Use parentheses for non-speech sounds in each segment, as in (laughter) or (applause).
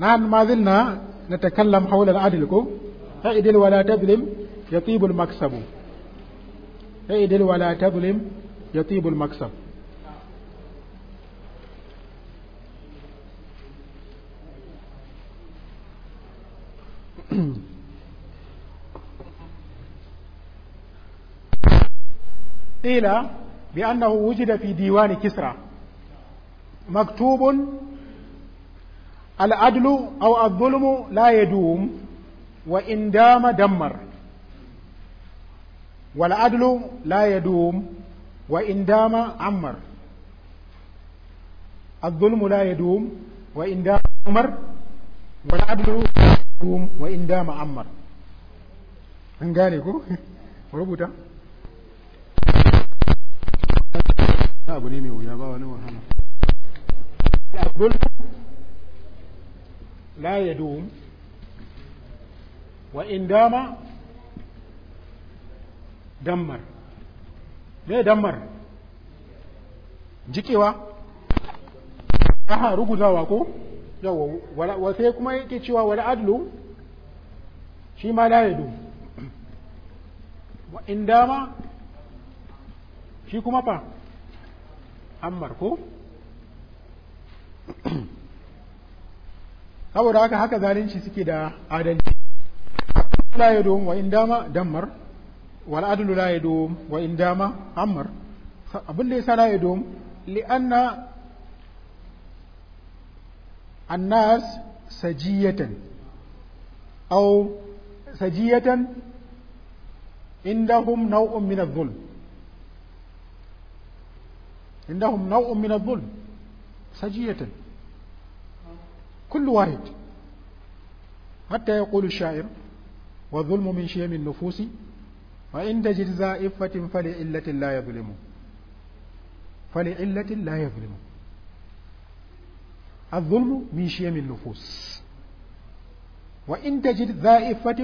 نحن ما زلنا نتكلم حول العدل اعدل ولا تظلم يطيب المكسب اعدل ولا تظلم يطيب المكسب (coughs) قيل بأنه وجد في ديوان كسرى مكتوب العدل أو الظلم لا يدوم وإن دام دمر والعدل لا يدوم وإن دام عمر الظلم لا يدوم وإن دام عمر والعدل لا يدوم وإن دام عمر أنقالكم وربطة abu ne mai wuya ba wani لا يدوم وإن دام دمر ليه دمر جكيوا aha ruguzawa ko yawa wa sai kuma yake cewa wal adlu shi ma la yadu wa indama shi kuma fa ammar ko saboda haka haka zalunci suke da adalci la yadum wa indama dammar wal adlu la yadu wa indama amr abin da yasa la yadum li anna annas sajiyatan aw sajiyatan indahum naw'un min adh-dhulm indahum naw'un min adh-dhulm sajiyatan كل وارد حتى يقول الشاعر والظلم من شيم النفوس وإن تجد إفة فلعلة لا يظلم فلعلة لا يظلم الظلم من شيم النفوس وإن تجد ذا إفة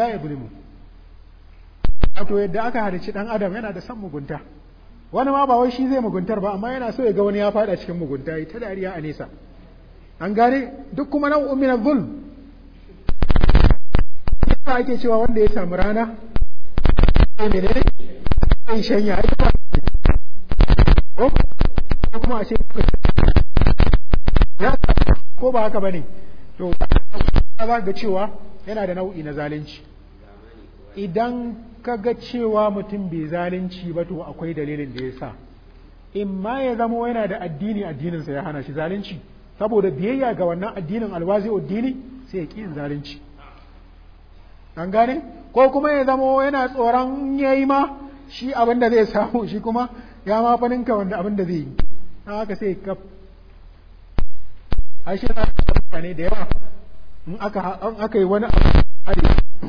لا يظلم wato yadda aka halicci dan adam yana da san mugunta wani ma ba wai shi zai muguntar ba amma yana so ya ga wani ya faɗa cikin mugunta ya ta dariya a nesa an gane duk kuma nau'un min zul ta ake cewa wanda ya samu rana ne ne ne shanya ita ba ko kuma a ce ya ko ba haka ba ne to za ga cewa yana da nau'i na zalunci idan ka ga cewa mutum bai zalunci ba to akwai dalilin da ya sa in ma ya zama yana da addini addininsa ya hana shi zalunci saboda biyayya ga wannan addinin alwazi addini sai ya ƙi zalunci an gane ko kuma ya zamo yana tsoron yayi ma shi abin da zai samu shi kuma ya ma fa ninka wanda abin da zai yi haka sai ka ashe na ne da yawa in aka an aka yi wani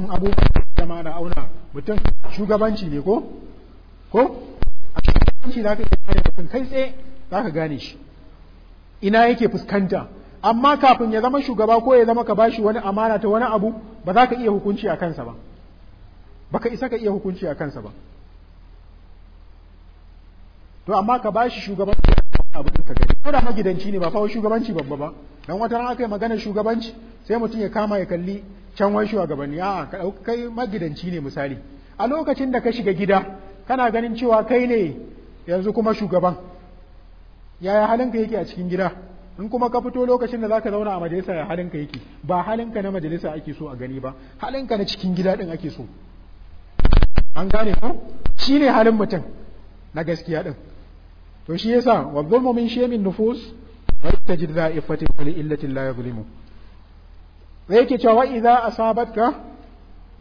abu da ma na auna mutum shugabanci ne ko ko a shugabanci zaka yi kai tsaye zaka gane shi ina yake fuskanta amma kafin ya zama shugaba ko ya zama ka bashi wani amana ta wani abu ba za ka iya hukunci a kansa ba ba ka isa ka iya hukunci a kansa ba to amma ka bashi shugabanci abu ka gani ko da magidanci ne ba fa shugabanci babba ba dan wata ran akai magana shugabanci sai mutum ya kama ya kalli can wai shugabanni a'a kai magidanci ne misali a lokacin da ka shiga gida kana ganin cewa kai ne yanzu kuma shugaban yaya halinka yake a cikin gida in kuma ka fito lokacin da za ka zauna a majalisa ya halinka yake ba halinka na majalisa ake so a gani ba halinka na cikin gida din ake so an gane ko shine halin mutum na gaskiya din to shi yasa wa dhulmu min shaymin nufus wa tajid dha'ifatin li illati la yuzlimu wa yake cewa idza asabatka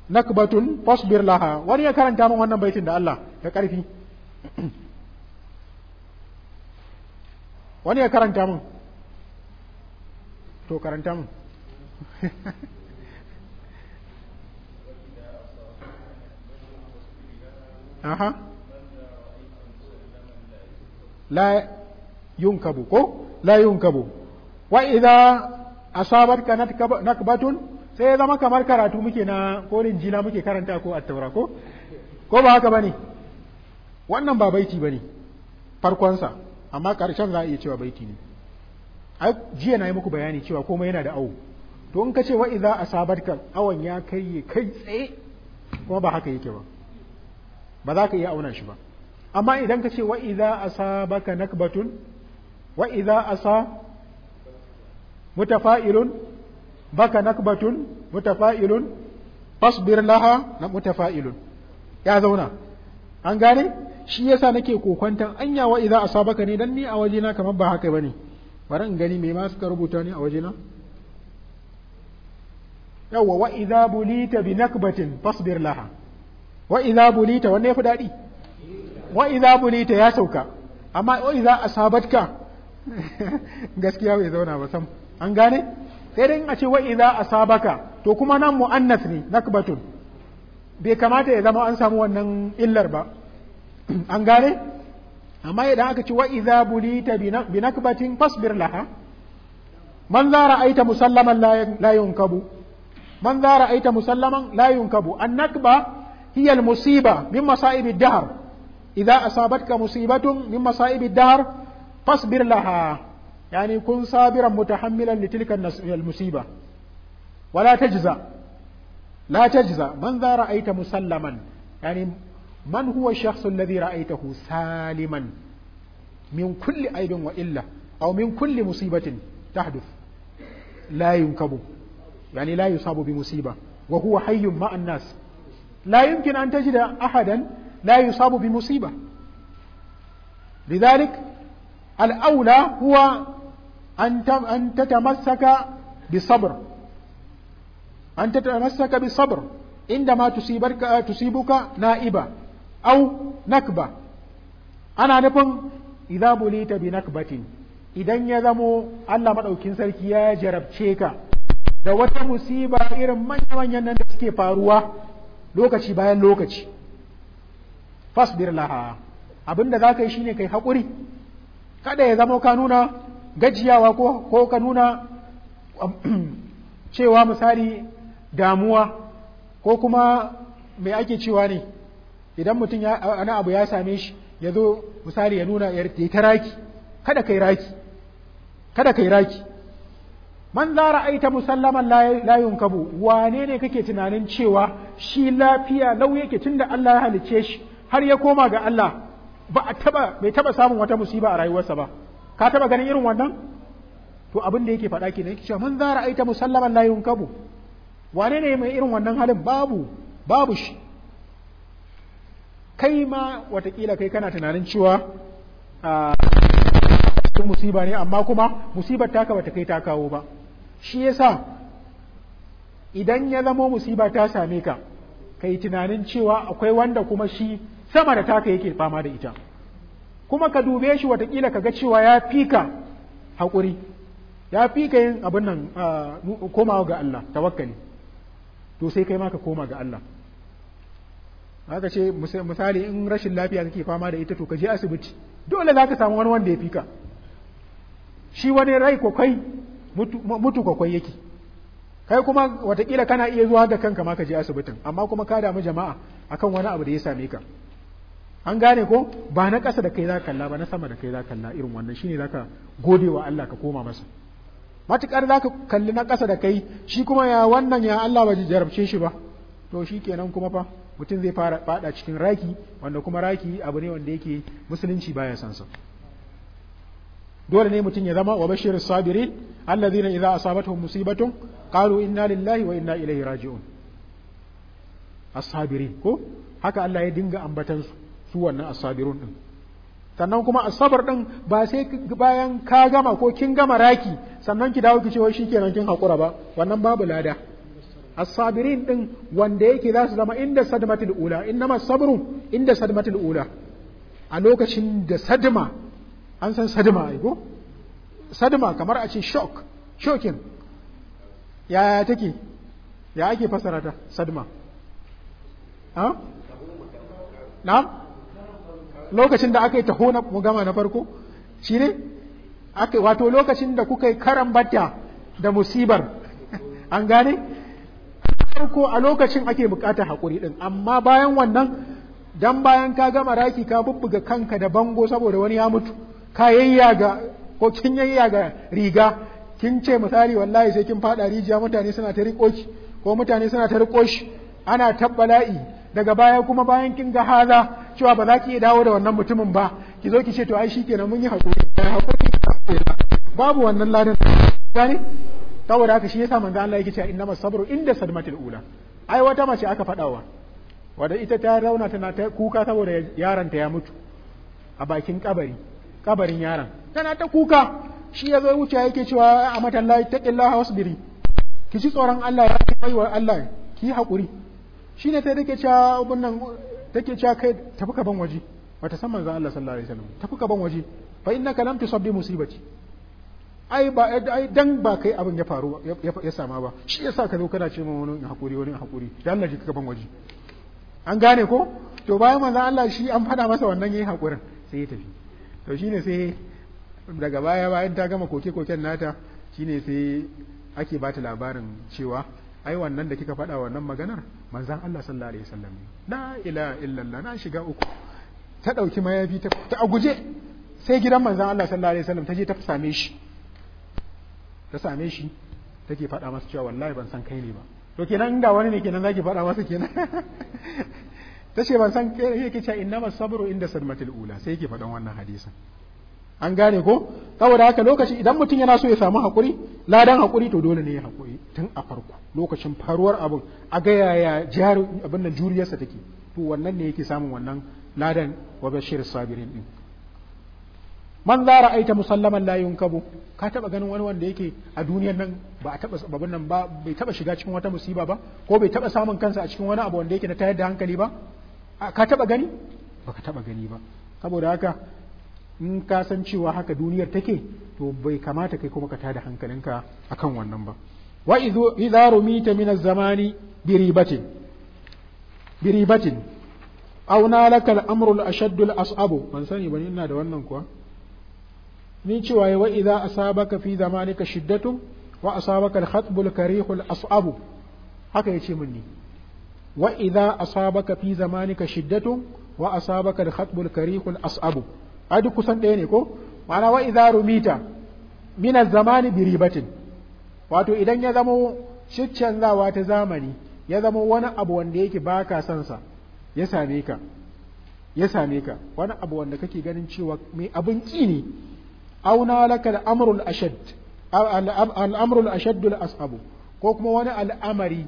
nakbatun fasbir laha wani ya karanta min wannan baitin da Allah da karfi wani ya karanta mun to karanta mun (laughs) aha la yunkabu ko la yunkabu wa asabat kanat nakbatun sai ya zama kamar karatu muke na ko jina muke karanta ko at-taura ko ko ba haka bane wannan ba baiti bane farkonsa amma karshen za a iya cewa baiti ne ai jiya na yi muku bayani cewa komai yana da awo to in ka ce wa idza asabatka awon ya kai kai tsaye kuma ba haka yake ba ba za ka iya auna shi ba amma idan ka ce wa idza asabaka nakbatun wa idza asa mutafa'ilun baka nakbatun mutafa'ilun fasbir laha na mutafa'ilun ya zauna an gane shi yasa nake kokwantan anya wa idza asabaka ne dan ni a wajena kamar ba haka bane bari in gani me ma suka rubuta ni a wajena yawa wa idza bulita bi nakbatin fasbir laha wa idza bulita wanne yafi dadi wa idza bulita ya sauka amma wa idza asabatka (laughs) gaskiya bai zauna ba sam an gane sai dai a ce wa idza asabaka to kuma nan muannas ne nakbatun bai kamata ya zama an samu wannan illar ba an gane amma idan aka ci wa idza bulita binakbatin fasbir laha man za ra'aita musallaman la yunkabu man za ra'aita musallaman la yunkabu an nakba hiya al musiba min masa'ib ad dahr idza asabatka musibatun min masa'ib ad dahr fasbir laha yani kun sabiran mutahammilan li tilka al musiba wala tajza la tajza man za ra'aita musallaman yani من هو الشخص الذي رأيته سالما من كل عيب وإلا أو من كل مصيبة تحدث لا ينكب يعني لا يصاب بمصيبة وهو حي مع الناس لا يمكن أن تجد أحدا لا يصاب بمصيبة لذلك الأولى هو أن تتمسك بصبر أن تتمسك بصبر عندما تصيبك تصيبك نائبة au nakba ana nufin idza bulita bi nakbatin idan ya zamo Allah madaukin sarki ya jarabce ka da wata musiba irin manya-manyan nan da suke faruwa lokaci bayan lokaci fasbir laha abinda za ka yi shine kai haƙuri kada ya zamo ka nuna gajiyawa ko ko ka nuna cewa misali damuwa ko kuma mai ake cewa ne idan mutum ya wani abu ya same shi ya zo misali ya nuna ya ta raki kada kai raki kada kai raki man za ra'aita musallaman la yunkabu wane ne kake tunanin cewa shi lafiya lau yake tunda Allah ya halice shi har ya koma ga Allah ba a taba bai taba samun wata musiba a rayuwarsa ba ka taba ganin irin wannan to abin da yake faɗa kenan yake cewa man za ra'aita musallaman la yunkabu wane ne mai irin wannan halin babu babu shi kai ma watakila kai kana tunanin cewa a musiba ne amma kuma musibar taka bata kai ta kawo ba shi yasa idan ya zama musiba ta same ka kai tunanin cewa akwai wanda kuma shi sama da taka yake fama da ita kuma ka dube shi watakila ka ga cewa ya fika haƙuri ya fika yin abin nan komawa ga Allah tawakkali to sai kai ma ka koma ga Allah haka ce misali in rashin lafiya kake fama da ita to ka je asibiti dole za ka samu wani wanda ya fika ka shi wani rai kwakwai mutu kwakwai yake kai kuma watakila kana iya zuwa da kanka ma ka je asibitin amma kuma ka damu jama'a akan wani abu da ya same ka an gane ko ba na ƙasa da kai za kalla ba na sama da kai za kalla irin wannan shine ka gode wa Allah ka koma masa matukar ka kalli na ƙasa da kai shi kuma ya wannan ya Allah ba jarabce shi ba to kenan kuma fa mutum zai fara fada cikin raki wanda kuma raki abu ne wanda yake musulunci baya san sa dole ne mutum ya zama wa bashir sabirin alladhina idza asabatuhum musibatun qalu inna lillahi wa inna ilaihi raji'un as-sabirin ko haka Allah ya dinga ambatan su su wannan as-sabirun din sannan kuma asabar din ba sai bayan ka gama ko kin gama raki sannan ki dawo ki ce wai shikenan kin hakura ba wannan babu lada as-sabirin din wanda yake za su zama inda sadmatul ula innama sabru inda sadmatul ula a lokacin da sadma an san sadma ai ko sadma kamar a ce shock shocking yaya take ya ake fasara ta sadma ha na'am lokacin da aka yi taho na gama na farko shi ne wato lokacin da kuka yi karambata da musibar an gane farko a lokacin ake bukatar haƙuri ɗin amma bayan wannan dan bayan ka gama raki ka bubbuga kanka da bango saboda wani ya mutu ka ga. ko kin yayyaga riga kin ce misali wallahi sai kin fada rijiya mutane suna ta riƙo ki ko mutane suna ta riƙo shi ana tabbala'i daga baya kuma bayan kin ga haza cewa ba za ki iya dawo da wannan mutumin ba ki zo ki ce to ai shikenan mun yi hakuri babu wannan ladan gane saboda haka shi yasa manzo Allah yake cewa innamas sabru inda sadmatil ula ai wata mace aka fadawa wanda ita ta rauna tana ta kuka saboda yaranta ya mutu a bakin kabari kabarin yaron tana ta kuka shi ya wuce yake cewa a matallahi taqillaha wasbiri ki ci tsoron Allah ya wa Allah ki hakuri shi ne sai take cewa wannan take cewa kai tafi ka ban waje wata san manzo Allah sallallahu alaihi wasallam tafi ka ban waje fa innaka lam tusabbi musibati ai ba ai dan ba kai abin ya faru ya sama ba shi yasa ka zo kana ce min wani hakuri wani hakuri dan Allah ji ka ban waje an gane ko to bayan manzo Allah shi an fada masa wannan yayin hakurin sai ya tafi to shine sai daga baya bayan ta gama koke koken nata shine sai ake bata labarin cewa ai wannan da kika faɗa wannan maganar manzon Allah sallallahu alaihi wasallam la ilaha illallah na shiga uku ta dauki mayafi ta a guje sai gidan manzon Allah sallallahu alaihi wasallam ta je ta same shi ta same shi take faɗa masa cewa wallahi ban san kai ne ba to kenan inda wani ne kenan zaki faɗa masa kenan (laughs) ta ce ban san kai yake cewa innama sabru inda sadmatil ula sai yake faɗan wannan hadisin an gane ko saboda haka lokaci idan mutum yana so ya samu hakuri ladan hakuri to dole ne ya hakuri tun a farko lokacin faruwar abun a ga yaya jari abin nan juriyarsa take to wannan ne yake samun wannan ladan wa bashir sabirin din man za ra'aita musallaman la yunkabu ka taba ganin wani wanda yake a duniyar nan ba a taba babban nan ba bai taba shiga cikin wata musiba ba ko bai taba samun kansa a cikin wani abu wanda yake na tayar da hankali ba ka taba gani baka taba gani ba saboda haka in ka san cewa haka duniyar take to bai kamata kai kuma ka tada hankalinka akan wannan ba wa idza rumita min az-zamani bi ribatin bi ribatin aw nalaka al-amru al-ashaddu al-as'abu ban sani bane ina da wannan kuwa ni cewa wa idza asabaka fi zamanika shiddatu wa asabaka al-khatbu al-karihu al-as'abu haka yace min ni wa idza asabaka fi zamanika shiddatu wa asabaka al-khatbu al-karihu al-as'abu a duk kusan ɗaya ne ko ma'ana wa idza rumita min az-zamani bi ribatin wato idan ya zamo zawa ta zamani ya zama wani abu wanda yake baka son sa ya same ka ya same ka wani abu wanda kake ganin cewa mai abin ki ne auna laka al'amrul ashad al'amrul ashaddul as'abu ko kuma wani al'amari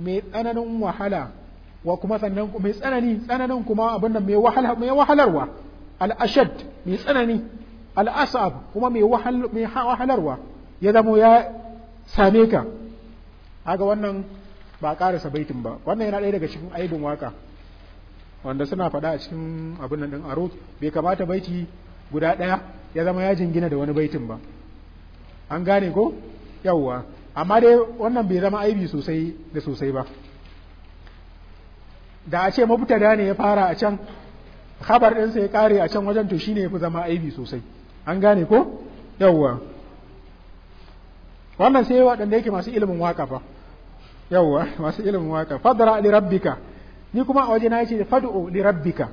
mai tsananin wahala wa kuma sannan mai tsanani tsananin kuma abin da mai wahalarwa al'ashad mai tsanani al'asab kuma mai wahalarwa ya zamo ya same ka haga wannan ba ƙarasa baitin ba wannan yana ɗaya daga cikin aibin waka wanda suna faɗa a cikin abin nan ɗin aro bai kamata baiti guda ɗaya ya zama ya jingina da wani baitin ba an gane ko yawwa amma dai wannan bai zama aibi sosai da sosai ba da a ce da ne ya fara a can khabar ɗinsa ya kare a can wajen to shine yafi zama aibi sosai an gane ko yawwa wannan sai waɗanda yake masu ilimin waka fa yawwa (laughs) masu ilimin waka fadra li rabbika ni kuma a waje na yace fad'u li rabbika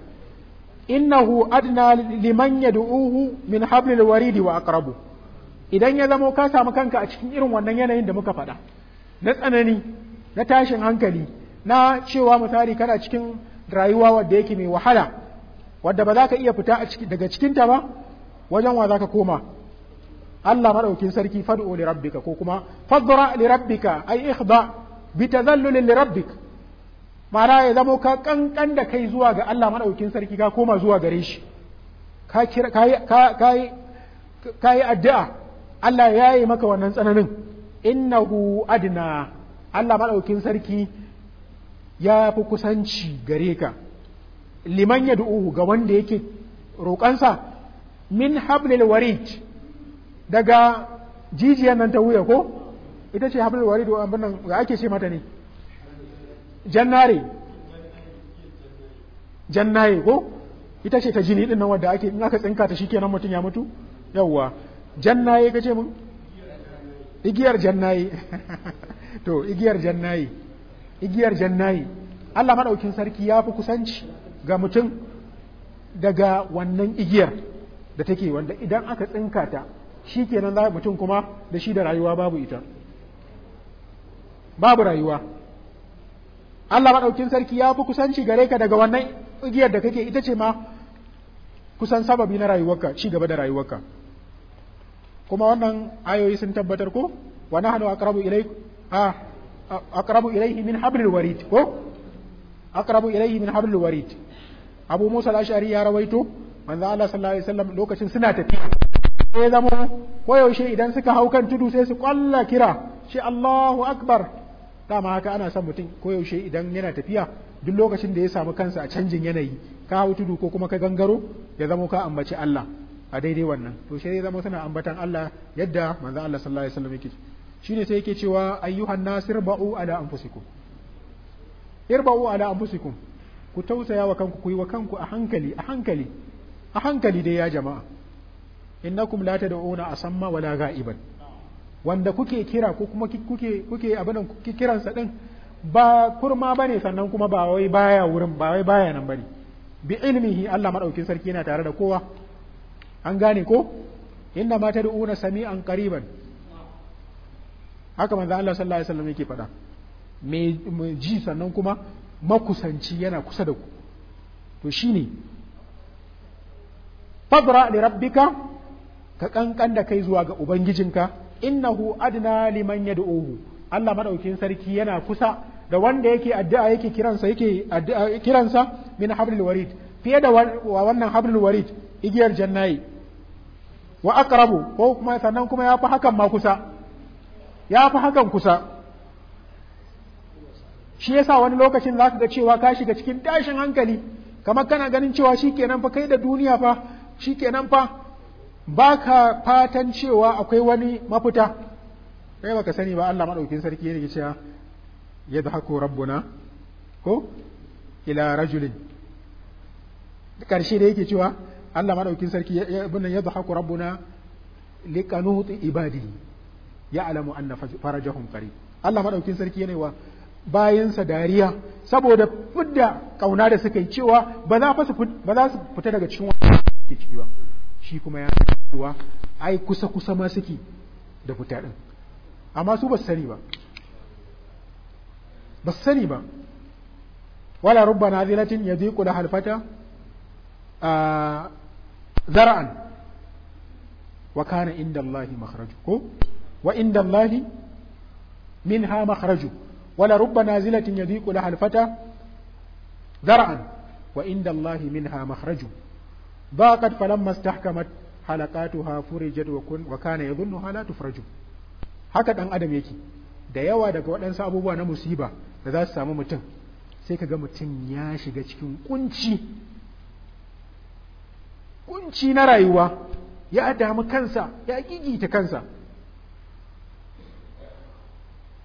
innahu adna liman yad'uhu min hablil waridi wa aqrabu idan ya zamo ka samu kanka a cikin irin wannan yanayin da muka faɗa na tsanani na tashin hankali na cewa misali kana cikin rayuwa wadda yake mai wahala wadda ba za ka iya fita daga cikinta ba wajen wa za ka koma Allah maɗaukin sarki fad'u li rabbika ko kuma fadura li rabbika ay ihda bi tazallulin li rabbika mara ya zamo ka kankan da kai zuwa ga Allah maɗaukin sarki ka koma zuwa gare shi ka yi addu'a Allah ya yi maka wannan tsananin innahu adina Allah maɗaukin sarki ya fi kusanci gare ka liman ya du’u ga wanda yake roƙansa min hablil warid daga jijiyar nan ta wuya ko ita ce hablil warid wa ake ce mata ne jannare jannaye ko ita ce ta jini din nan wadda ake in aka tsinka ta shikenan mutum ya mutu yawwa jannaye kace mun igiyar jannaye (laughs) to igiyar jannaye igiyar jannaye Allah madaukin sarki ya fi kusanci ga mutum daga wannan igiyar da take wanda idan aka tsinka ta shikenan za mutum kuma da shi da rayuwa babu ita babu rayuwa Allah maɗaukin sarki ya fi kusanci gare ka daga wannan igiyar da kake ita ce ma kusan sababi na rayuwarka ci gaba da rayuwarka kuma wannan ayoyi sun tabbatar ko wa nahnu aqrabu a aqrabu ilayhi min hablil warid ko aqrabu ilayhi min hablil warid Abu Musa al-Ash'ari ya rawaito manzo Allah sallallahu alaihi wasallam lokacin suna tafiya sai zama koyaushe idan suka hau kan tudu sai su kwalla kira shi Allahu akbar dama haka ana son mutum koyaushe idan yana tafiya duk lokacin da ya samu kansa a canjin yanayi ka hau tudu ko kuma ka gangaro ya zama ka ambaci Allah a daidai wannan to shi zai zama suna ambatan Allah yadda manzo Allah sallallahu alaihi wasallam yake shine sai yake cewa ayyuhan nasir ba'u ala anfusikum irba'u ala anfusikum ku tausaya wa kanku ku yi wa kanku a hankali a hankali a hankali dai ya jama'a innakum la tad'una asamma wala ga'iban wanda kuke kira ko kuma kuke kuke abinan kuke kiransa din ba kurma bane sannan kuma ba wai baya wurin ba wai baya nan bane bi ilmihi Allah madaukin sarki yana tare da kowa an gane ko inna ma tad'una sami'an qariban haka manzo Allah sallallahu alaihi wasallam yake faɗa me ji sannan kuma makusanci yana kusa da ku to shine fadra li rabbika ka kankan da kai zuwa ga ubangijinka innahu adna liman yad'uhu Allah madaukin sarki yana kusa da wanda yake addu'a yake kiransa yake addu'a kiransa min hablil warid fiye da wannan hablil warid igiyar jannayi wa aqrabu ko kuma sannan kuma ya fi hakan ma kusa ya fi hakan kusa shi yasa wani lokacin za ka ga cewa ka shiga cikin tashin hankali kamar kana ganin cewa shikenan fa kai da duniya fa shikenan fa ba ka fatan cewa akwai wani mafita kai baka sani ba Allah maɗaukin sarki ne ya cewa ya da haku rabbuna ko ila rajulin ƙarshe da yake cewa Allah maɗaukin sarki ya da haku rabbuna liƙanutu ibadi ya alamu anna farajahum qarib Allah maɗaukin sarki yana wa bayansa dariya saboda fudda ƙauna da suka yi cewa ba za su fita daga cikin wani ke ciki shi kuma ya wa ai kusa kusa ma suke da fita din amma su ba sani ba ba sani ba wala rubbana zilatin yadiqu la halfata zara'an wa kana inda Allah makhraju ko wa inda Allah minha makhraju wala rubbana zilatin yadiqu la halfata zara'an wa inda Allah minha makhraju ضاقت فلما استحكمت halaqatuha furijat wa kana yadhunnu hala tufraju haka dan adam yake da yawa daga waɗansu abubuwa na musiba da za su samu mutum sai kaga mutum ya shiga cikin kunci kunci na rayuwa ya damu kansa ya gigita kansa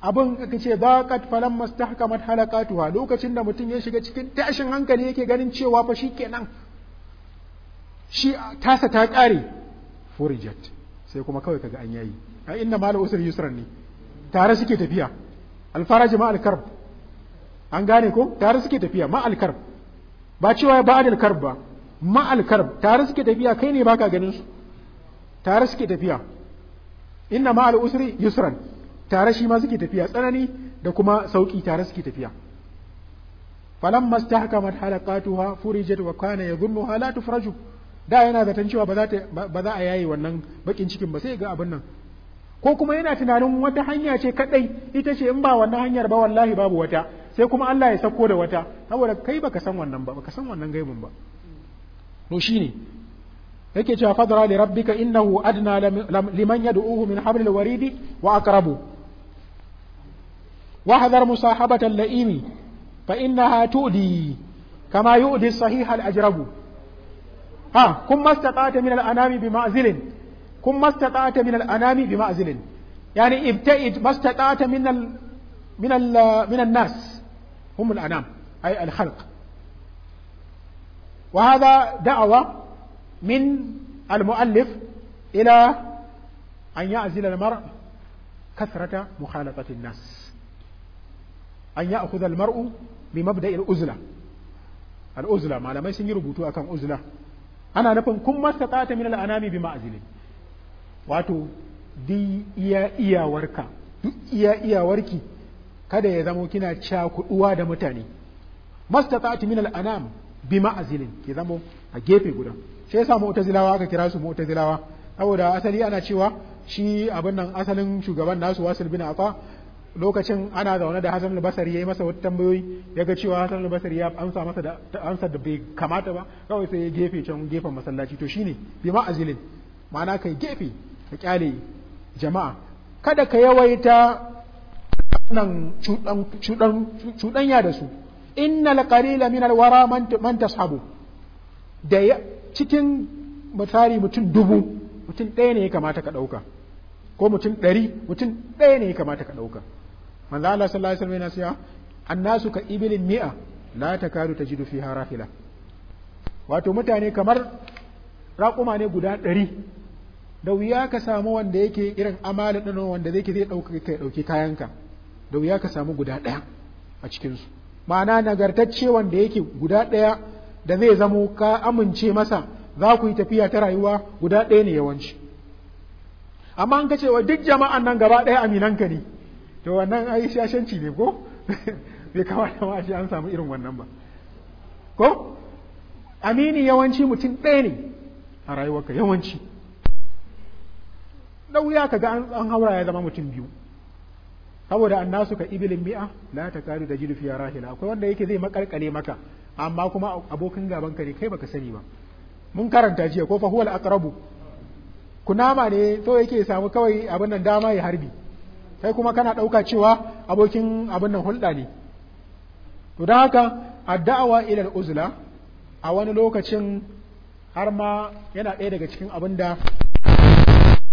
abin aka ce za ka falan mastahkamat halakatuha lokacin da mutum ya shiga cikin tashin hankali yake ganin cewa fa shikenan shi tasa ta ƙare furijat sai kuma kawai kaga an yayi a inna mala usr yusran ne tare suke tafiya alfaraj ma alkarb an gane ko tare suke tafiya ma alkarb ba cewa ba adil karb ba ma alkarb tare suke tafiya kai ne baka ganin su tare suke tafiya inna ma al usri yusran tare shi ma suke tafiya tsanani da kuma sauki tare suke tafiya falamma stahkamat halaqatuha furijat wa kana yadhunnuha la tufraju da yana zaton cewa ba za a yaye wannan bakin cikin ba sai ga abin nan ko kuma yana tunanin wata hanya ce kadai ita ce in ba wannan hanyar ba wallahi babu wata sai kuma Allah ya sako da wata saboda kai baka san wannan ba baka san wannan gaibin ba to shine yake cewa fadra li rabbika innahu adna liman yad'uhu min hablil waridi wa aqrabu wahdhar musahabata al-la'imi fa innaha tudi kama yu'di sahih al-ajrabu ها كن ما استطعت من الأنام بمعزل كن ما استطعت من الأنام بمعزل يعني ابتئد ما استطعت من ال من ال من الناس هم الأنام أي الخلق وهذا دعوة من المؤلف إلى أن يعزل المرء كثرة مخالطة الناس أن يأخذ المرء بمبدأ الأزلة الأزلة ما لم يسنجر كم أكام أزلة ana nufin kun tsata min al'anami bi ma'azili wato duk iya iyawarka duk iya iyawarki kada ya zama kina cakuduwa da mutane tsata min al'anam bi ma'azilin ki zama a gefe guda sai sa mu'tazilawa aka kira su mu'tazilawa saboda asali ana cewa shi abin nan asalin shugaban nasu wasil bin afa lokacin ana zaune da Hassan al ya yayi masa wata tambayoyi ga cewa Hassan al ya amsa masa da amsa da bai kamata ba kawai sai ya gefe can gefen masallaci to shine bi ma azilin ma'ana kai gefe ka kyale jama'a kada ka yawaita nan cudan cudan cudanya da su innal qalila min al-wara man tashabu da cikin misali mutum dubu mutum ɗaya ne ya kamata ka ɗauka ko mutum ɗari mutum ɗaya ne ya kamata ka ɗauka manzo Allah sallallahu alaihi wasallam yana annasu ka ibilin mi'a la takadu tajidu fiha rahila wato mutane kamar raƙuma ne guda ɗari da wuya ka samu wanda yake irin amala ɗin wanda zai ke zai ɗauki kayanka da wuya ka samu guda ɗaya a cikinsu ma'ana nagartacce wanda yake guda ɗaya da zai zamo ka amince masa za ku yi tafiya ta rayuwa guda ɗaya ne yawanci amma an ka wa duk jama'an nan gaba ɗaya aminanka ne to wannan ai shashanci ne ko (laughs) bai kamata ma shi an samu irin wannan ba ko amini yawanci mutum ɗaya ne a rayuwarka yawanci ɗauya ka ga an haura ya zama mutum biyu saboda annasu ka ibilin mi'a na ta kari da jirfi ya rahila akwai wanda yake zai makarkare maka amma kuma abokin gaban ka ne kai baka sani ba mun karanta jiya ko fa huwal aqrabu kunama ne to yake samu kawai abin nan dama ya harbi kai kuma kana ɗauka cewa abokin abin nan hulɗa ne to da haka adda'awa ilal uzla a wani lokacin har ma yana ɗaya daga cikin abin da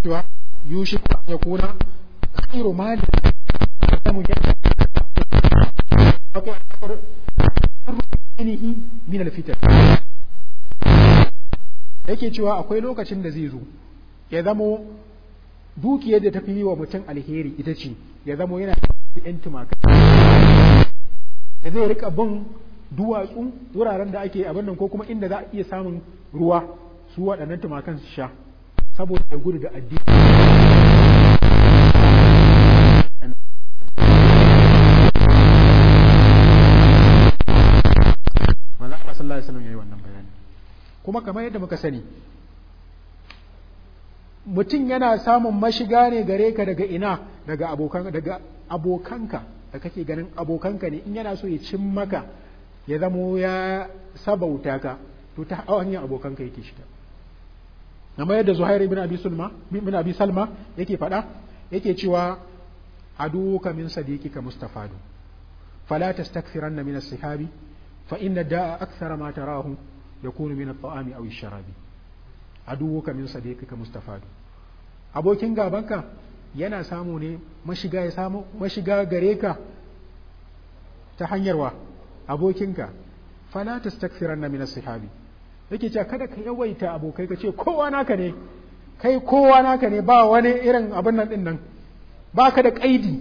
cewa yushi ya kuna khairu mali min alfitar yake cewa akwai lokacin da zai zo ya zamo dukiyar da ta fi yi wa mutum alheri ita ce ya zama yana yan tumaka da zai rika bin duwatsu wuraren da ake abin nan ko kuma inda za a iya samun ruwa su waɗannan tumakan su sha saboda ya gudu da addini kuma kamar yadda muka sani mutum yana samun mashiga ne gare ka daga ina daga abokanka da kake ganin abokanka ne in yana so ya cin maka ya zamo ya sabauta ka to ta hanyar abokanka yake shiga amma yadda zuhairu bin Abi Sulma bin Abi Salma yake faɗa yake cewa ka min sadiqika mustafadu fala tastakfiranna min as-sihabi fa inna da'a akthara ma tarahu yakunu min at-ta'ami aw ash-sharabi ka min sadiqika mustafadu abokin gabanka yana samu ne mashiga ya samu mashiga gare ka ta hanyarwa abokinka fala stakfiran na as-sahabi yake cewa kada ka yawaita abokai ka ce kowa naka ne kai kowa naka ne ba wani irin abin nan din nan ba ka da kaidi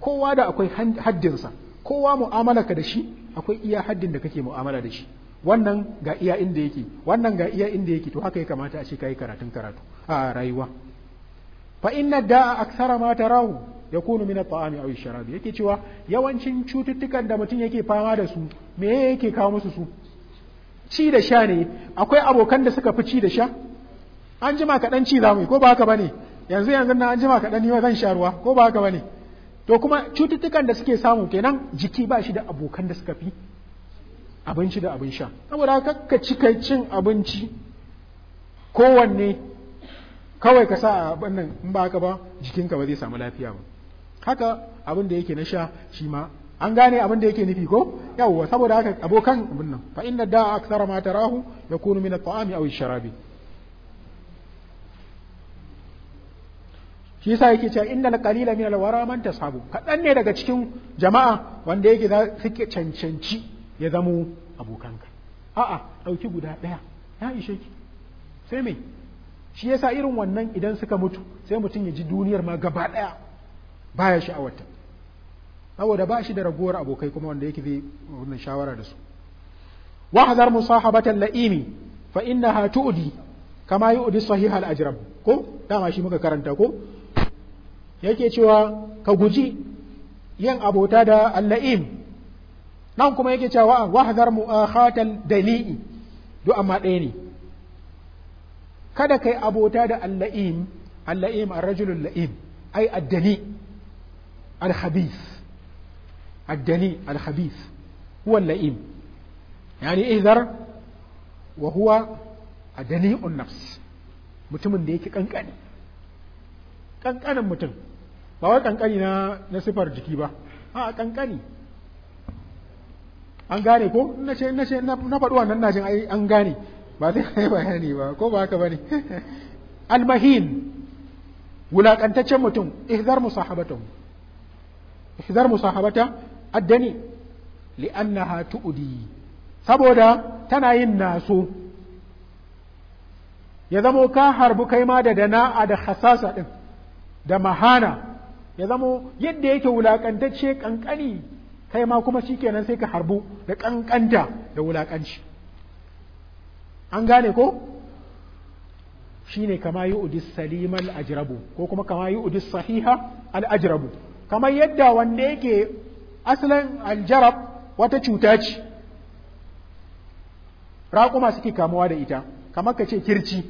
kowa da akwai haddinsa kowa mu'amala ka da shi akwai iya haddin da kake mu'amala da shi wannan ga iya inda yake wannan ga iya inda yake to haka ya kamata a ce kai karatun karatu a rayuwa fa inna da'a aksara ma tarahu yakunu min at-ta'ami aw ash-sharab yake cewa yawancin cututtukan da mutum yake fama da su me yake kawo musu su ci da sha ne akwai abokan da suka fi ci da sha an jima kaɗan ci zamu ko ba haka bane yanzu yanzu na an jima kaɗan ni zan sha ruwa ko ba haka bane to kuma cututtukan da suke samu kenan jiki ba shi da abokan da suka fi abinci da abin sha saboda haka ka cika cin abinci kowanne kawai ka sa a wannan in ba haka ba jikinka ba zai samu lafiya ba haka abin da yake na sha shi ma an gane abin da yake nufi ko yawwa saboda haka abokan abin nan fa inna da akthara ma tarahu yakunu min at-ta'ami aw ash-sharabi shi yasa yake cewa al qalila min al-wara man tasabu kadan ne daga cikin jama'a wanda yake za suke cancanci ya zamo abokanka a'a dauki guda daya ya ishe ki sai me shi yasa irin wannan idan suka mutu sai mutum ya ji duniyar ma gaba ɗaya baya sha'awarta saboda ba shi da ragowar abokai kuma wanda yake zai wannan shawara da su wa hazar musahabatan la'imi fa innaha tu'di kama yu'di sahih al-ajram ko dama shi muka karanta ko yake cewa ka guji yin abota da al nan kuma yake cewa wa hazar mu'akhatal dali'i duk amma ɗaya ne kada kai abota da alla'im alla'im ar la'im ai addani alhabis, khabith addani al huwa laim yani idhar wa huwa adani'un nafs mutumin da yake kankani kankanin mutum ba wai kankani na na sifar jiki ba a kankani an gane ko na ce na ce na faɗi wannan najin ai an gane ba zai kai bayani ba ko ba haka bane almahin wulakantaccen mutum ihzar musahabatahu ihzar musahabata addani li'annaha tu'di saboda tana yin naso ya zamo ka harbu kai ma da dana'a da hasasa din da mahana ya zamo yadda yake wulakantacce kankani kai ma kuma shikenan sai ka harbu da kankanta da wulakanci an gane ko shine kama yi udis salim al’ajirabu ko kuma kama yi udis sahiha al’ajirabu kama yadda wanda yake asalin aljarab wata cuta ce raƙuma suke kamuwa da ita kama ka ce kirci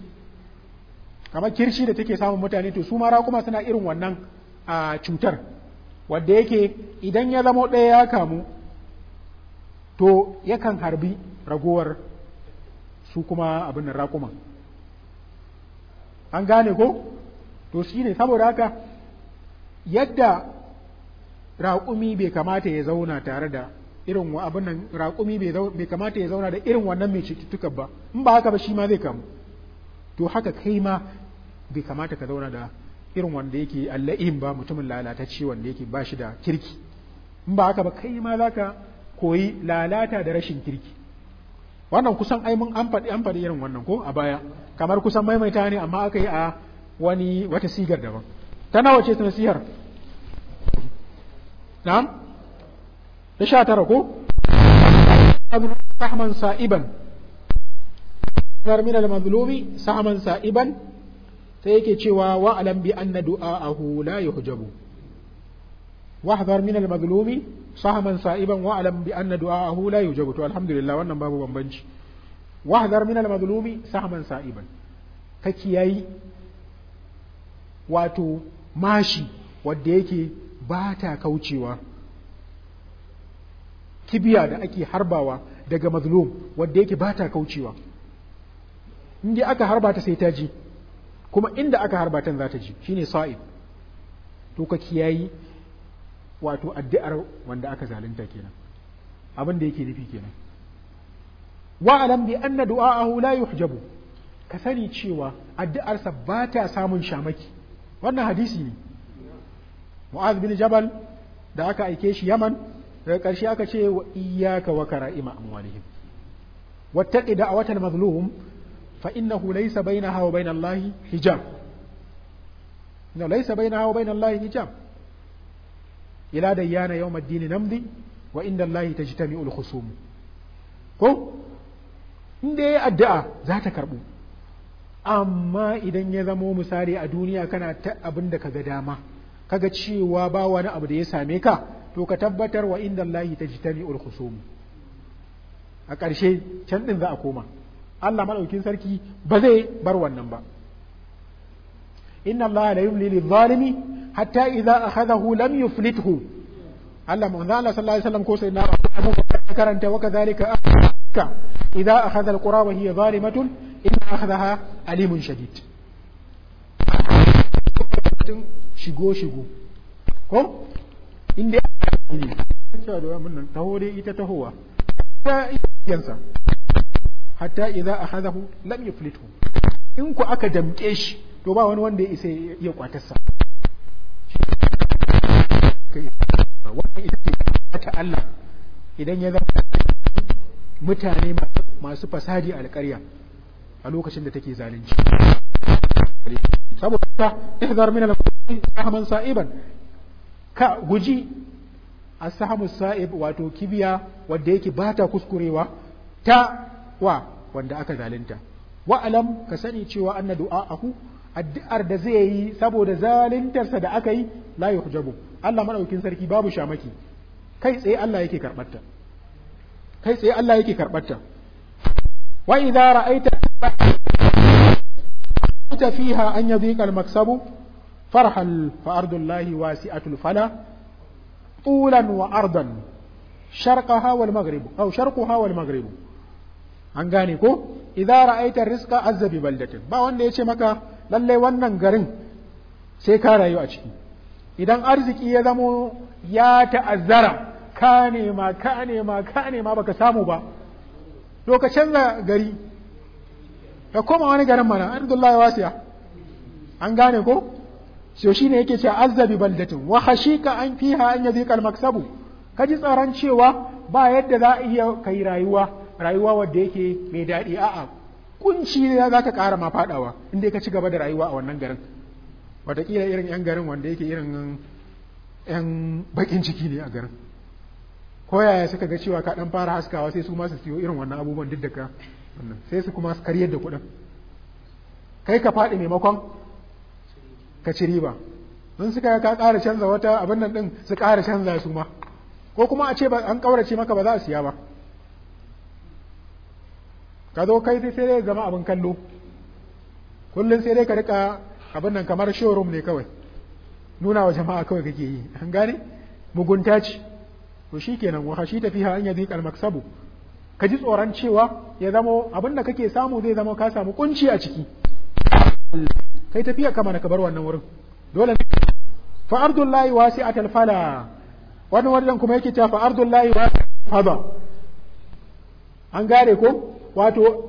kama kirci da take samun mutane to su ma raƙuma suna irin wannan a cutar wanda yake idan ya zamo ɗaya ya kamu to yakan harbi ragowar su kuma abin da raƙuma an gane ko to shi ne saboda haka yadda raƙumi bai kamata ya zauna tare da irin abin nan raƙumi bai kamata ya zauna da irin wannan mai cututtuka ba in ba haka ba shi ma zai kamu to haka kai ma bai kamata ka zauna da irin wanda yake alla'in ba mutumin lalatacce wanda yake ba shi da kirki in ba haka ba kai ma za ka koyi lalata da rashin kirki wannan kusan ai mun an faɗi an faɗi irin wannan ko a baya kamar kusan maimaita ne amma aka yi a wani wata sigar daban ta nawa ce ta nasihar na'am ta sha tara ko sahman sa'iban min al-mazlumi sahman sa'iban sai yake cewa wa alam bi anna du'a'ahu la yuhjabu wahdhar min al-mazlumi sahaman sa'iban wa alam bi anna du'a'ahu la yujabu to alhamdulillah wannan babu bambanci Wa hadar min al madlumi sahaman sa'iban ka kiyayi wato mashi wadda yake ba ta kaucewa kibiya da ake harbawa daga mazlum wadda yake ba ta kaucewa inda aka harba ta sai ta ji kuma inda aka harba ta za ta ji shine sa'ib to ka kiyayi wato addu'ar wanda aka zalunta kenan abin da yake nufi kenan wa alam bi anna du'a'ahu la yuhjabu ka sani cewa addu'arsa ba ta samun shamaki wannan hadisi ne mu'az bin jabal da aka aike shi yaman daga ƙarshe aka ce wa iyyaka wa kara'ima amwalihim wattaqi da'watal mazlum fa innahu laysa bainaha wa bainallahi hijab no laysa bainaha wa bainallahi hijab ila dayyana yawm ad-din namdi wa inda Allah tajtami'ul khusum ko inda ya addu'a za ta karɓu amma idan ya zamo misali a duniya kana ta abin da kaga dama kaga cewa ba wani abu da ya same ka to ka tabbatar wa inda Allah tajtami'ul khusum a ƙarshe can din za a koma Allah malaukin sarki ba zai bar wannan ba inna Allah la yumli lidh-zalimi hatta idza akhadahu lam yuflithu Allah manzo Allah sallallahu alaihi wasallam ko sai na Abu karanta wa kadhalika ka idza akhadha alqura wa hiya zalimatun in akhadha alimun shadid shigo shigo ko inda ne cewa da mun nan taho dai ita tahowa ta yansa hatta idza akhadahu lam yuflithu in ku aka damke shi to ba wani wanda ya isa ya kwatarsa Allah idan ya zama mutane masu fasadi a alƙarya a lokacin da take zalunci saboda ta ihzar min al-fasadi sahman sa'iban ka guji as-sahmu sa'ib wato kibiya wanda yake bata kuskurewa ta wa wanda aka zalunta wa alam ka sani cewa anna aku. addu'ar da zai yi saboda zalintarsa da aka yi la yuhjabu Allah madaukakin sarki babu shamaki kai tsaye Allah yake karbarta kai tsaye Allah yake karbarta wa idza ra'aita ta fiha an yadhiqa al-maksabu farhal fa ardullahi wasi'atul fala طولا وأرضا شرقها والمغرب أو شرقها والمغرب an gane ko idza ra'aita rizqa azza bi baldatin ba wanda yace maka lallai wannan garin sai ka rayu a ciki idan arziki ya zamo ya ta'azzara ka nema ka nema ka nema baka samu ba to ka gari ka koma wani garin mana ardullahi wasiya an gane ko so shine yake cewa azzabi baldatin wa ka an fiha an yadhiqa al-maksabu kaji tsaron cewa ba yadda za a iya kai rayuwa rayuwa wadda yake mai daɗi a'a kunci ne za ka ƙara ma faɗawa inda ka ci gaba da rayuwa a wannan garin wataƙila irin 'yan garin wanda yake irin 'yan baƙin ciki ne a garin ko yaya suka ga cewa ka ɗan fara haskawa sai su ma siyo irin wannan abubuwan duk da ka sai su kuma su karyar da kuɗin kai ka faɗi maimakon ka ci riba sun suka ka ƙara canza wata abin nan ɗin su ƙara canza su ma ko kuma a ce an ƙaurace maka ba za a siya ba ka zo kai sai dai zama abin kallo kullum sai dai ka rika abin nan kamar showroom ne kawai nuna wa jama'a kawai kake yi an gane mugunta ce to shikenan wa khashita fiha an yadhiq kal maksabu ka ji tsoron cewa ya zama abin da kake samu zai zama ka samu kunci a ciki kai tafiya kama na kabar wannan wurin dole fa ardullahi wasi'atul fala wannan wannan kuma yake cewa fa ardullahi wasi'atul fada an gare ko wato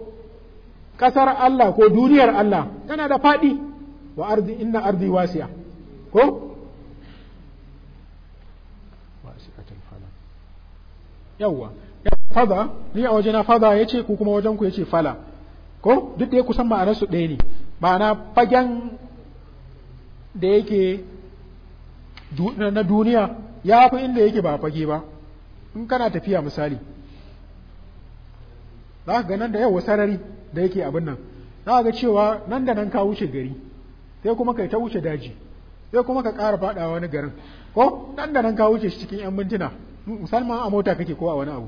ƙasar Allah ko duniyar Allah tana da faɗi wa ardi inna ardi wasiya ko yawwa fada ni a wajena fada ya ce ku kuma wajen ya ce fala ko duk da ya kusan ma'anar su ɗaya ne ma'ana fagen da yake na duniya ya fi inda yake ba fage ba in kana tafiya misali za ka ga nan da yawa sarari da yake abin nan za ga cewa nan da nan ka wuce gari sai kuma kai ta wuce daji sai kuma ka ƙara fada wani garin ko nan da nan ka wuce shi cikin yan mintuna musamman a mota kake ko a wani abu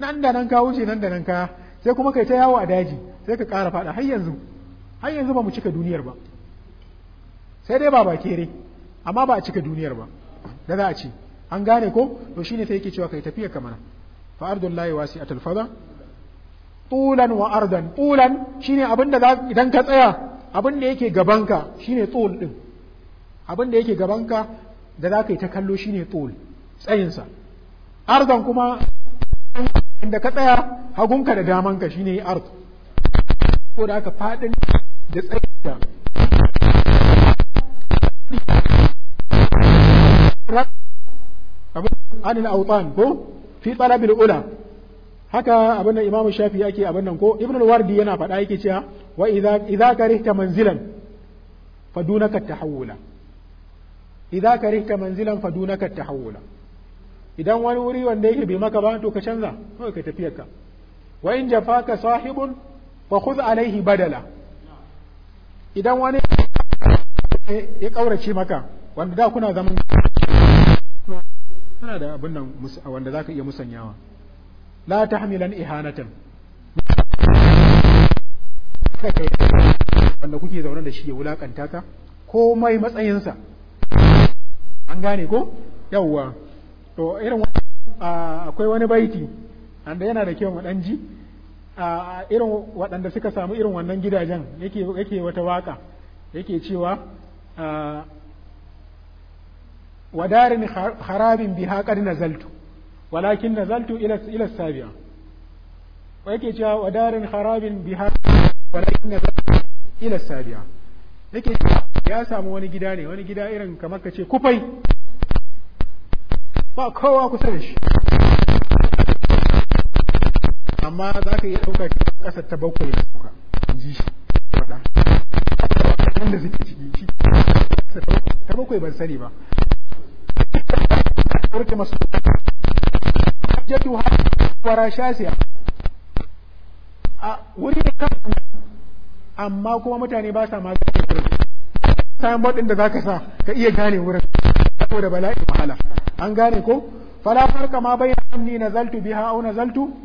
nan da nan ka wuce nan da nan ka sai kuma kai ta yawo a daji sai ka ƙara faɗa har yanzu har yanzu ba mu cika duniyar ba sai dai ba ba kere amma ba a cika duniyar ba da za a ce an gane ko to shine sai yake cewa kai tafiya kamar fa ardullahi wasi'atul fadha tulan wa ardan tulan shine abin da idan ka tsaya abin da yake gabanka shine tul din abin da yake gabanka da za ka yi ta kallo shine tul tsayinsa ardan kuma inda ka tsaya hagunka da damanka shine ard ko da aka fadin da tsayinka عن الأوطان في طلب الأولى haka abin nan imamu shafi yake abin nan ko ibn al-wardi yana faɗa yake cewa wa idza idza karihta manzilan fadunaka tahawula idza karihta manzilan fadunaka tahawula idan wani wuri wanda yake bai maka ba to ka canza kawai ka tafi ka wa in jafaka sahibun fa khudh alaihi badala idan wani ya kaurace maka wanda da kuna zaman kana da abin nan wanda zaka iya musanyawa la tahmilan ihanatan wanda kuke zaune da shi ya wulakanta ka komai matsayinsa an gane ko yawwa to irin akwai wani baiti anda yana da kyau mu dan a irin waɗanda suka samu irin wannan gidajen yake yake wata waka yake cewa wadarin harabin biha na nazaltu walakin nazaltu ila ila sabi'a wa yake cewa wadarin harabin biha walakin nazaltu ila sabi'a yake ya sami wani gida ne wani gida irin kamar ka ce kufai ba kowa kusa da shi amma za ka iya ɗauka ƙasar ta bakwai da wanda suke ciki shi ta bakwai ban sani ba masu hujjatu wara shasiya a wuri amma kuma mutane ba sa ma sayan baɗin da zaka sa ka iya gane wurin saboda bala'i wahala an gane ko fala farka ma bayan amni zaltu. biha au nazaltu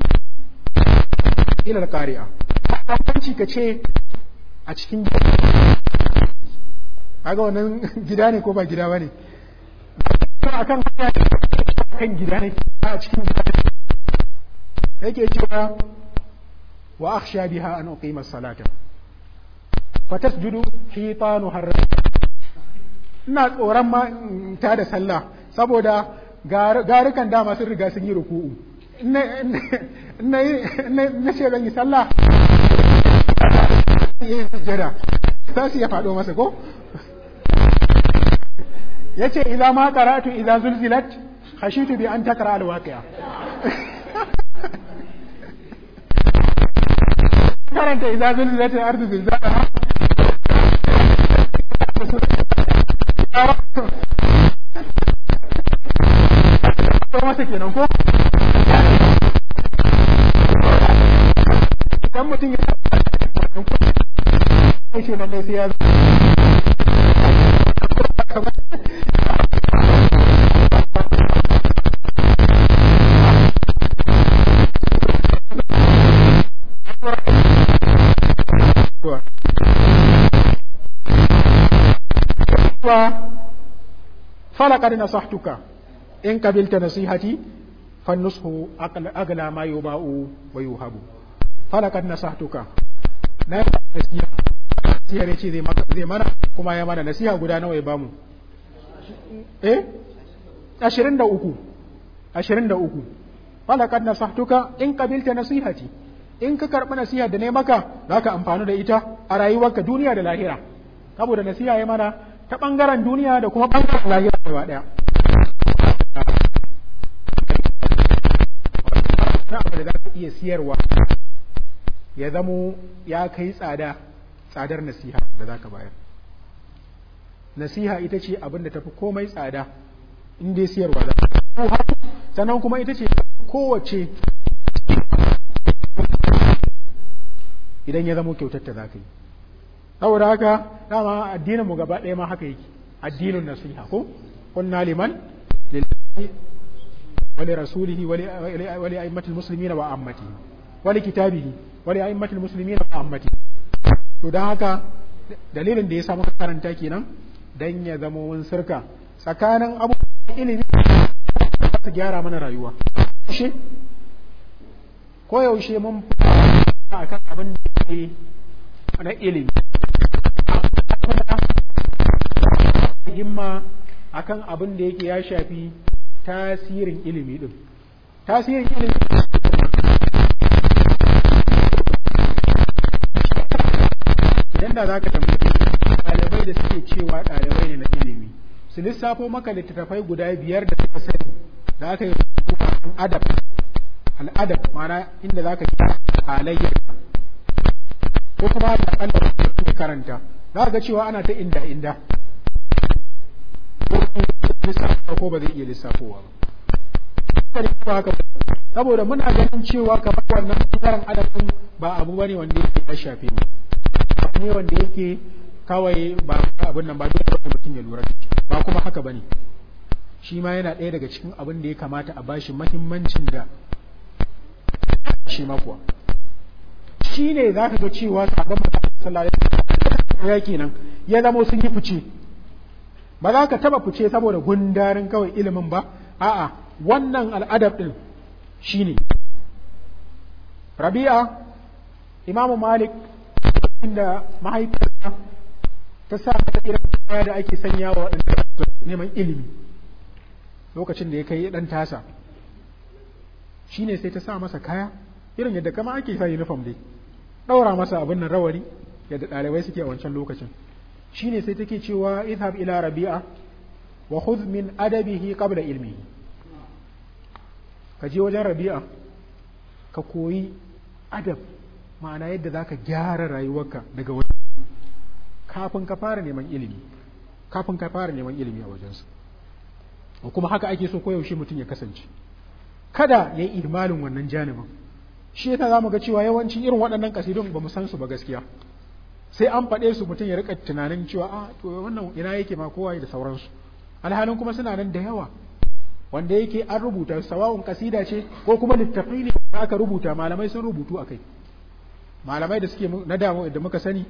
ila alqari'a kwanci ka ce a cikin kaga wannan gida ne ko ba gida ba bane akan kan gida ne a cikin yake cewa wa akhsha biha an uqima salata yi hitanu har ina tsoron ma ta da sallah saboda garukan da masu riga sun yi ruku'u na ce zan yi sallah yi sujjada ya faɗo masa ko ya ce idan ma karatu idan zulzilat khashitu bi an takra al waqi'a ko na in ka bilta قال قد نصحتك إن قبلت نصيحتي فالنصح ba ما يباع ويوهب فلقد نصحتك na na yi nasiha nasiha ne ce zai mana kuma ya mana nasiha guda nawa ya bamu eh ashirin da uku ashirin da uku falakad nasahtuka in kabilta nasihati in ka karɓi nasiha da ne maka za ka amfani da ita a rayuwarka duniya da lahira saboda nasiha ya mana ta ɓangaren duniya da kuma ɓangaren lahira gaba ɗaya na abu da za ka iya siyarwa ya zamo ya kai tsada tsadar nasiha da za ka bayar nasiha ita ce abin da tafi komai tsada in dai siyarwa za sannan kuma ita ce kowace idan ya zamo kyautar ta za ka yi saboda haka dama addinin mu gaba ɗaya ma haka yake addinin nasiha ko kunna liman lillahi wa li rasulihi wa li a'immatil muslimina wa ammatihi wa li kitabihi wa li a'immatil muslimina wa ammatihi to dan haka dalilin da ya muka karanta kenan dan ya zama wani sirka tsakanin abu ilimi ta gyara mana rayuwa shi ko yaushe mun fara kan abin da na ilimi himma akan abin da yake ya shafi tasirin ilimi din tasirin ilimi idan da zaka tambaye ɗalibai da suke cewa ɗalibai ne na ilimi su lissafo maka littattafai guda biyar da suka sani da aka yi rubutu akan adab al'adab mana inda zaka ji halayyar ko kuma da Allah karanta za ga cewa ana ta inda inda ko ba zai iya lissafowa ba saboda muna ganin cewa kamar wannan bangaren adadin ba abu bane wanda yake ya shafe mu ne wanda yake kawai ba abin nan ba dole mutum ya lura ba kuma haka bane shi ma yana ɗaya daga cikin abin da ya kamata a bashi mahimmancin da shi ma kuwa shi ne za ka ga cewa sabon sallallahu ya kenan ya zama sun yi fice ba za ka taba fice saboda gundarin kawai ilimin ba a'a wannan al'adab din shine rabi'a imamu malik inda mahaifiyarsa ta sa ta irin da ake sanya wa neman ilimi lokacin da ya kai ɗan tasa shine sai ta sa masa kaya irin yadda kama ake sa uniform dai ɗaura masa abin nan rawari yadda ɗalibai suke a wancan lokacin shi ne sai take cewa izhab ila rabi'a wa khudh min adabihi qabla ilmihi ka je wajen rabi'a ka koyi adab ma'ana yadda zaka gyara rayuwarka daga wajen kafin ka fara neman ilimi kafin ka fara neman ilimi a wajensa kuma haka ake so koyaushe mutum ya kasance kada ya yi imalin wannan janibin shi yasa zamu ga cewa yawancin irin waɗannan kasidun ba mu san su ba gaskiya sai an faɗe su mutum ya rika tunanin cewa a ah, to wannan ina yake ma kowa da sauransu alhalin kuma suna nan da yawa wanda yake an rubuta sawa'un kasida ce ko kuma littafi ne aka rubuta malamai sun rubutu a kai malamai da suke na damu da muka sani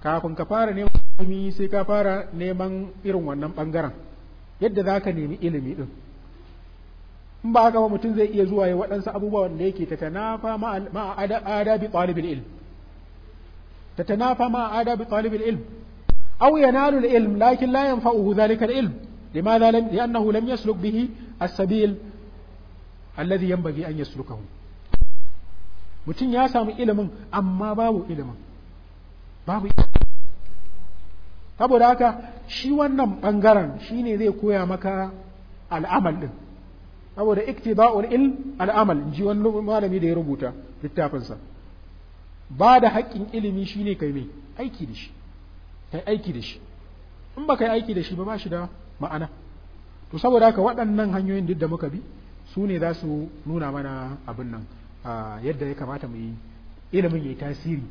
kafin ka fara neman ilimi sai ka fara neman irin wannan bangaren yadda za ka nemi ilimi din in ba haka ba mutum zai iya zuwa ya waɗansu abubuwa wanda yake ta fa ma'a adabi ɗalibin ilmi تتنافى مع آداب طالب العلم أو ينال العلم لكن لا ينفعه ذلك العلم لماذا لم لأنه لم يسلك به السبيل الذي ينبغي أن يسلكه mutum ya samu ilimin amma babu ilimin babu haka shi wannan bangaren shine zai koya maka al'amal din saboda iktiba'ul ilm al'amal ji wani malami da ya rubuta littafinsa ba da haƙƙin ilimi shi ne kai mai aiki da shi kai aiki da shi in ba kai aiki da shi ba ba shi da ma'ana to saboda haka waɗannan hanyoyin duk da muka bi su ne za su nuna mana abin nan yadda ya kamata mu yi ilimin ya yi tasiri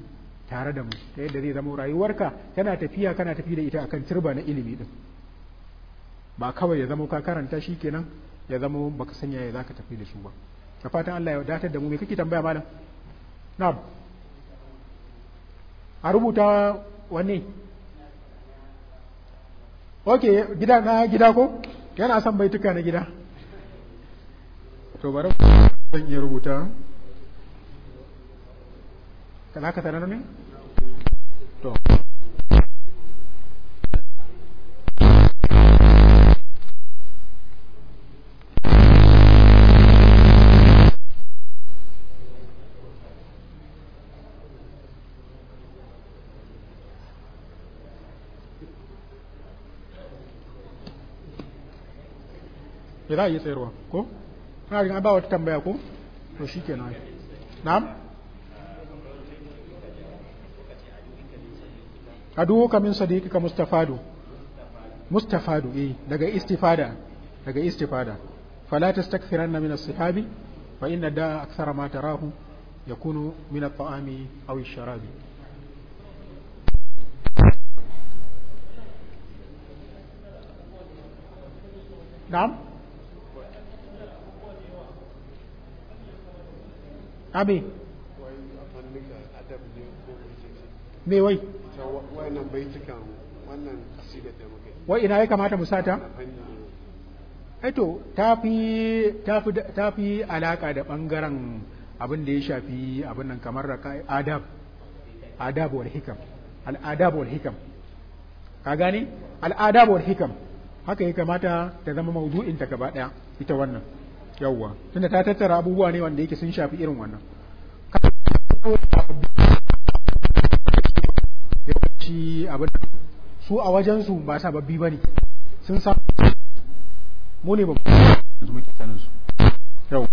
tare da mu ta yadda zai zama rayuwarka tana tafiya kana tafi da ita akan turba na ilimi ɗin. ba kawai ya zama ka karanta shi kenan ya zama baka sanya ya ka tafi da su ba Ka fatan Allah ya wadatar da mu me kake tambaya malam na'am a rubuta wanne ok gida na gida ko yana son baituka na gida to bari zan iya rubuta kana ka tare ne to ya za a yi tsayarwa ko tambaya ko to shi ke nan na'am kamin sadiki ka mustafado mustafado eh daga istifada daga istifada fala sihabi fa inna da akthara ma tarahu yakunu min at sharabi abe me wai wai ina ya kamata mu sata aito ta fi alaka da bangaren abin da ya shafi abin nan kamar da adab adab wal hikam al'adab wal hikam ka gane al'adab wal hikam haka ya kamata ta zama maudu'in ta gaba daya ita wannan yawwa tunda ta tattara abubuwa ne wanda yake sun shafi irin wannan yawanci abin su a wajensu ba sababbi ba ne sun samu mu ne ba yanzu muke sanin su yau